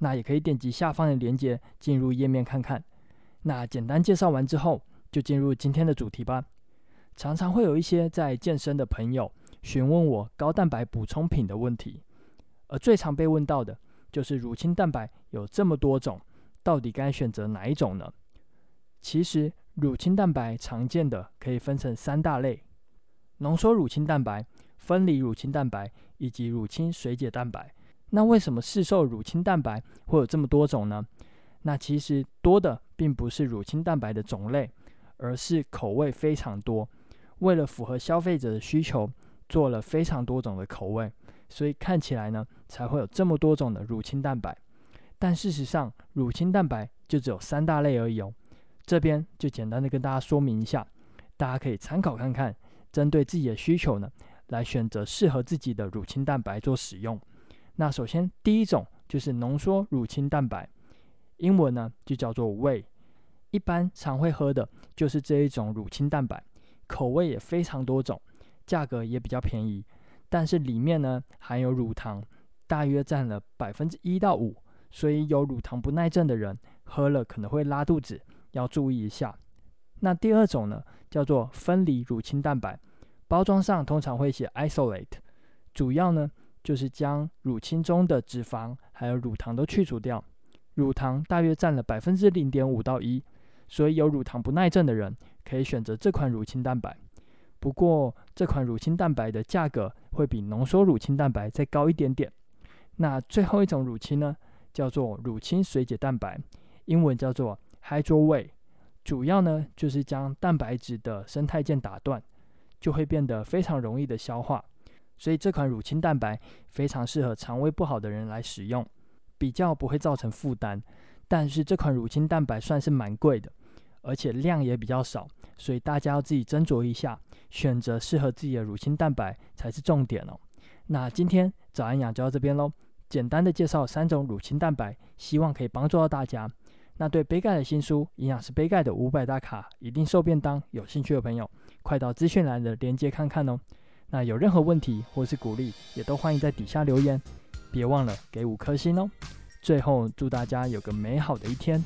那也可以點擊下方的鏈接進入頁面看看。那簡單介紹完之後，就進入今天的主題吧。常常會有一些在健身的朋友詢問我高蛋白補充品的問題，而最常被問到的就是乳清蛋白有這麼多種，到底該選擇哪一種呢？其實乳清蛋白常見的可以分成三大類：濃縮乳清蛋白、分離乳清蛋白以及乳清水解蛋白。那為什麼市售乳清蛋白會有這麼多種呢？那其實多的並不是乳清蛋白的種類，而是口味非常多。為了符合消費者的需求，做了非常多種的口味，所以看起來呢才會有這麼多種的乳清蛋白。但事實上，乳清蛋白就只有三大類而已哦。這邊就簡單的跟大家說明一下，大家可以參考看看，針對自己的需求呢來選擇適合自己的乳清蛋白做使用。那首先，第一種就是濃縮乳清蛋白，英文呢就叫做 whey。一般常會喝的就是這一種乳清蛋白，口味也非常多種，價格也比較便宜，但是裡面呢含有乳糖，大約佔了百分之一到五，所以有乳糖不耐症的人喝了可能會拉肚子，要注意一下。那第二種呢叫做分離乳清蛋白，包裝上通常會寫 isolate，主要呢。就是將乳清中的脂肪還有乳糖都去除掉，乳糖大約占了百分之零點五到一，所以有乳糖不耐症的人可以選擇這款乳清蛋白。不過這款乳清蛋白的價格會比濃縮乳清蛋白再高一點點。那最後一種乳清呢，叫做乳清水解蛋白，英文叫做 hydro whey，主要呢就是將蛋白質的胜肽鍵打斷，就會變得非常容易的消化。所以這款乳清蛋白非常適合腸胃不好的人來使用，比較不會造成負擔。但是這款乳清蛋白算是蠻貴的，而且量也比較少，所以大家要自己斟酌一下，選擇適合自己的乳清蛋白才是重點哦。那今天早安營養就到這邊嘍，簡單的介紹三種乳清蛋白，希望可以幫助到大家。那對杯蓋的新書《營養師杯蓋的五百大卡一定瘦便當》，有興趣的朋友快到資訊欄的鏈接看看哦。那有任何問題或是鼓勵，也都歡迎在底下留言，別忘了給五顆星哦。最後，祝大家有個美好的一天。